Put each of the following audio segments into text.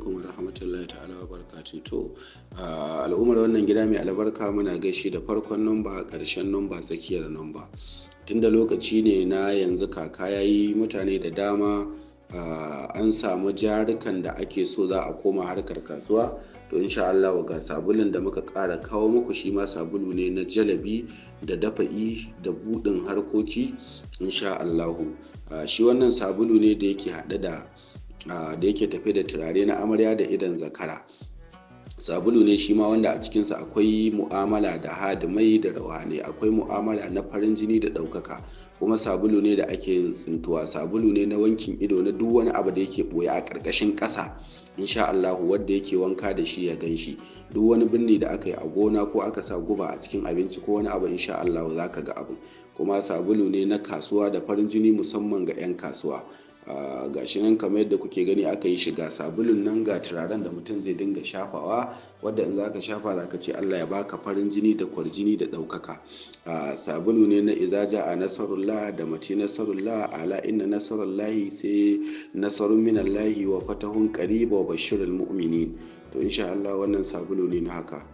alaikum wa rahmatullahi ta'ala wa barakatu to al'ummar wannan gida mai albarka muna gaishe da farkon numba karshen numba tsakiyar numba tunda lokaci ne na yanzu kaka yayi mutane da dama an samu jarukan da ake so za a koma harkar kasuwa to insha Allah ga sabulun da muka kara kawo muku shi ma sabulu ne na jalabi da dafa'i da buɗin harkoki insha Allahu shi wannan sabulu ne da yake haɗe da da yake tafe da turare na amarya da idan zakara sabulu ne shi ma wanda a cikinsa akwai mu'amala da hadimai da rawani akwai mu'amala na farin jini da ɗaukaka kuma sabulu ne da ake yin tsintuwa sabulu ne na wankin ido na duk wani abu da yake ɓoye a ƙarƙashin ƙasa insha Allahu wanda yake wanka da shi ya gan shi duk wani birni da aka yi a gona ko aka sa guba a cikin abinci ko wani abu insha Allahu za ka ga abu kuma sabulu ne na kasuwa da farin jini musamman ga 'yan kasuwa gashi nan kamar yadda kuke gani aka yi shiga ga sabulun nan ga turaren da mutum zai dinga shafawa wadda in zaka shafa zaka ce Allah ya baka farin jini da kwarjini da ɗaukaka sabulu ne na izaja a nasarullah da mace nasarullah ala inna lahi sai nasarun lahi wa fatahun qariba wa bashirul mu'minin to insha Allah wannan sabulu ne na haka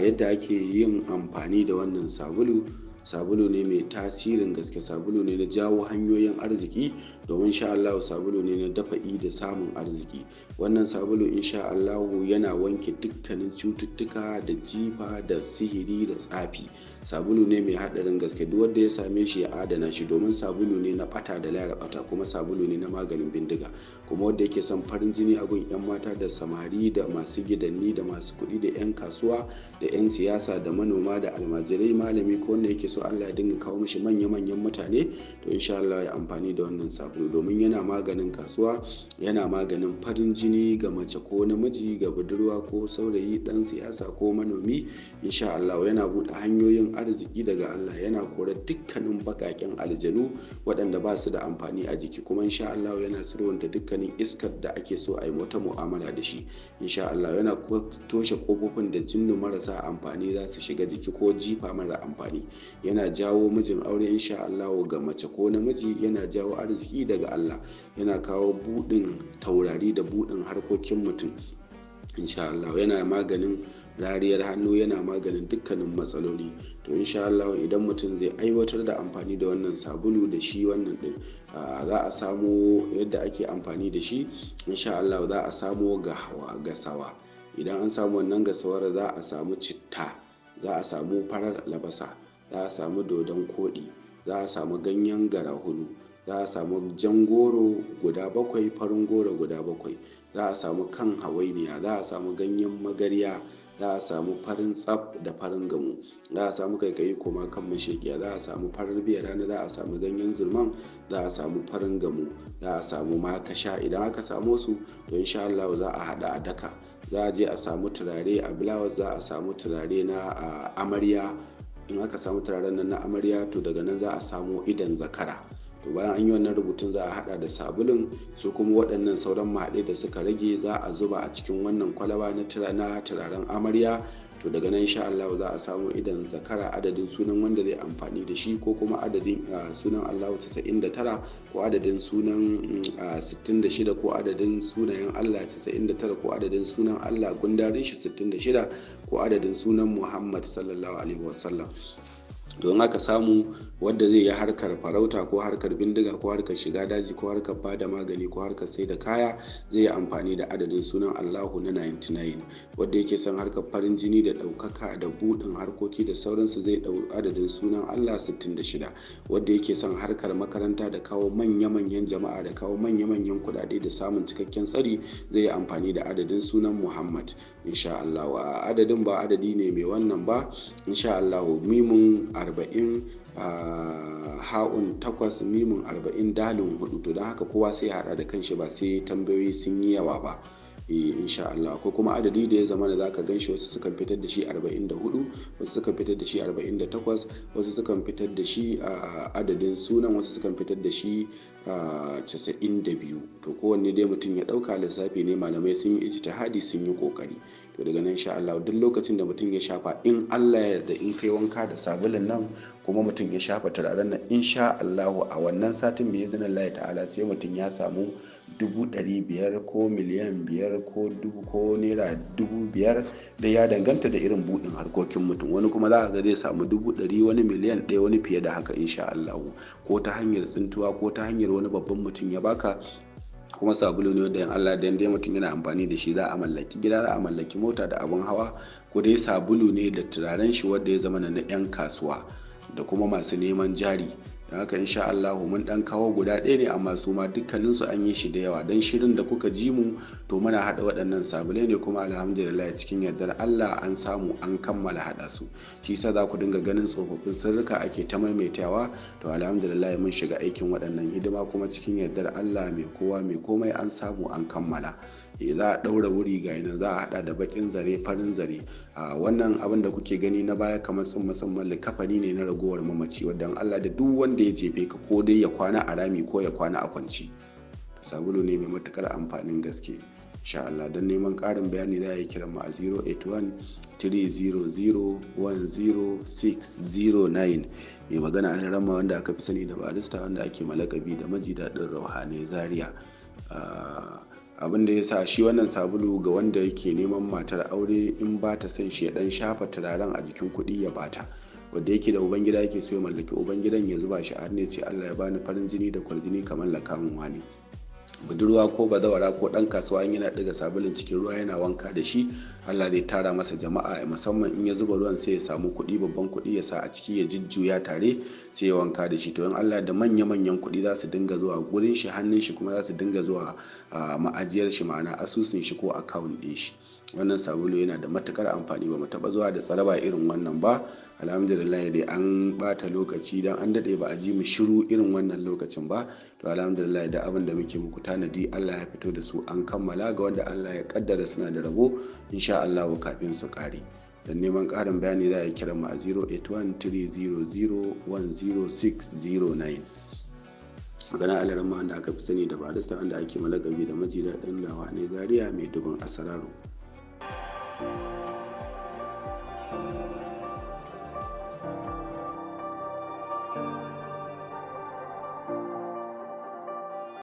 yadda ake yin amfani da wannan sabulu sabulu ne mai tasirin gaske sabulu ne na jawo hanyoyin arziki domin sha sabulu ne na dafa'i da samun arziki wannan sabulu insha Allahu yana wanke dukkanin cututtuka da jifa da sihiri da tsafi sabulu ne mai haɗarin gaske duk wanda ya same shi ya adana shi domin sabulu ne na bata da lara bata kuma sabulu ne na maganin bindiga kuma wanda yake son farin jini a gun 'yan mata da samari da masu gidanni da masu kuɗi da 'yan kasuwa da 'yan siyasa da manoma da almajirai malami ko wanda yake so Allah ya dinga kawo mishi manya-manyan mutane to insha Allah ya amfani da wannan sabulu domin yana maganin kasuwa yana maganin farin jini ga mace ko namiji ga budurwa ko saurayi dan siyasa ko manomi insha Allah yana bude hanyoyin arziki daga Allah yana kore dukkanin bakaken aljanu waɗanda ba su da amfani a jiki kuma insha Allah yana sirwanta dukkanin iskar da ake so a yi wata mu'amala da shi insha Allah yana toshe kofofin da jinnu marasa amfani za su shiga jiki ko jifa mara amfani yana jawo mijin aure insha Allah ga mace ko namiji yana jawo arziki daga Allah yana kawo buɗin taurari da buɗin harkokin mutum insha Allah yana maganin rariyar hannu yana maganin dukkanin matsaloli to insha Allah idan mutum zai aiwatar da amfani da wannan sabulu da shi wannan din za a samu yadda ake amfani da shi insha Allah za a ga gasawa idan an samu wannan gasawar za a samu citta za a samu farar labasa za a samu dodon koɗi za a samu ganyen gara hudu za a samu jan goro guda bakwai farin goro guda bakwai za a samu kan hawainiya za a samu ganyen magarya za a samu farin tsaf da farin gamu za a samu kaikayi kuma kan mashekiya za a samu farin biya rana za a samu ganyen zurman za a samu farin gamu za a samu makasha idan aka samu su to insha Allah za a hada a daka za a je a samu turare a blouse za a samu turare na amarya in aka samu turaren nan na amarya to daga nan za a samo idan zakara to bayan an yi wannan rubutun za a hada da sabulun su kuma waɗannan sauran mahaɗe da suka rage za a zuba a cikin wannan kwalaba na turaren amarya to daga nan insha Allah za a samu idan zakara adadin sunan wanda zai amfani da shi ko kuma adadin sunan Allah 99 ko adadin sunan 66 mm, ko adadin sunayen Allah 99 ko adadin sunan Allah gundarin shi 66 ko adadin sunan Muhammad sallallahu alaihi wasallam don aka samu wadda zai yi harkar farauta ko harkar bindiga ko harkar shiga daji ko harkar bada magani ko harkar sai da kaya zai yi amfani da adadin sunan allahu na 99 wadda yake son harkar farin jini da daukaka da buɗin harkoki da sauransu zai dau adadin sunan allah 66 wadda yake son harkar makaranta da kawo manya-manyan jama'a da kawo manya-manyan kudade da samun cikakken tsari zai yi amfani da adadin sunan muhammad insha allahu adadin ba adadi ne mai wannan ba insha allahu mimun a arba'in ah, ha'un takwas mimun arba'in dalin hudu to don haka kowa sai ya hada da kanshi ba sai tambayoyi sun yi yawa ba Eh, insha Allah ko kuma adadi da ya zama da zaka ganshi wasu sukan fitar da shi 44 wasu sukan fitar da shi 48 wasu sukan fitar da shi a adadin sunan wasu sukan fitar da shi a 92 to kowanne dai mutum ya dauka lissafi ne malamai sun yi ijtihadi sun yi kokari to daga nan insha Allah duk lokacin da mutum ya shafa in Allah ya da in kai wanka da sabulun nan kuma mutum ya shafa turaren nan insha Allah a wannan satin mai izinin Allah ta'ala sai mutum ya samu dubu ɗari biyar ko miliyan biyar ko dubu ko naira dubu biyar da ya danganta da irin buɗin harkokin mutum wani kuma za a ga zai samu dubu ɗari wani miliyan ɗaya wani fiye da haka insha Allah ko ta hanyar tsintuwa ko ta hanyar wani babban mutum ya baka kuma sabulu ne da yan Allah da dai mutum yana amfani da shi za a mallaki gida za a mallaki mota da abin hawa ko dai sabulu ne da turaren shi wanda ya zama na 'yan kasuwa da kuma masu neman jari don haka insha Allah mun dan kawo guda ɗaya ne amma su ma dukkaninsu an yi shi da yawa don shirin da kuka ji mu to muna haɗa waɗannan sabulai ne kuma alhamdulillah cikin yardar Allah an samu an kammala haɗa su shi sa za ku dinga ganin tsofaffin sirrika ake ta maimaitawa to alhamdulillah mun shiga aikin waɗannan hidima kuma cikin yardar Allah mai kowa mai komai an samu an kammala Eh, za a ɗaura wuri ga yana za a hada da bakin zare farin zare a wannan abin da kuke gani na baya kamar sun musamman likafani ne na ragowar mamaci wadda allah da duk wanda ya jefe ka ko dai ya kwana a rami ko ya kwana a kwanci sabulu ne mai matukar amfanin gaske insha don neman ƙarin bayani za a yi kiran mu a 081-300-10609 mai magana a rama wanda aka fi sani da barista wanda ake malakabi da maji daɗin rauhanai zaria abin da ya sa shi wannan sabulu ga wanda yake neman matar aure in ba ta son shi ya dan shafa turaren a jikin kuɗi ya bata wanda yake da ubangida yake so ya mallaki ubangidan ya zuba shi a hannu ya ce allah ya bani farin jini da kwarjini kamar lakamin wani budurwa ko bazawara ko ɗan kasuwa in yana daga sabulin cikin ruwa yana wanka da shi allah zai tara masa jama'a musamman in ya zuba ruwan sai ya samu kuɗi babban kuɗi ya sa a ciki ya jujjuya tare sai ya wanka da shi to in allah da manya-manyan kuɗi za su dinga zuwa gurin shi hannun shi kuma za su dinga zuwa ah, ma'ajiyar shi ma'ana asusun shi ko akawun ɗin shi wannan sabulu yana da matukar amfani ba mu taba zuwa da tsaraba irin wannan ba alhamdulillah dai an bata lokaci dan an dade ba a ji mu shiru irin wannan lokacin ba to alhamdulillah da abin da muke muku tanadi Allah ya fito da su an kammala ga wanda Allah ya kaddara suna da rabo insha Allah kafin su kare don neman karin bayani za a yi kira mu a 0813001069 gana ma wanda aka fi sani da barista wanda ake malakabi da maji daɗin lawa ne zaria mai dubin asararo you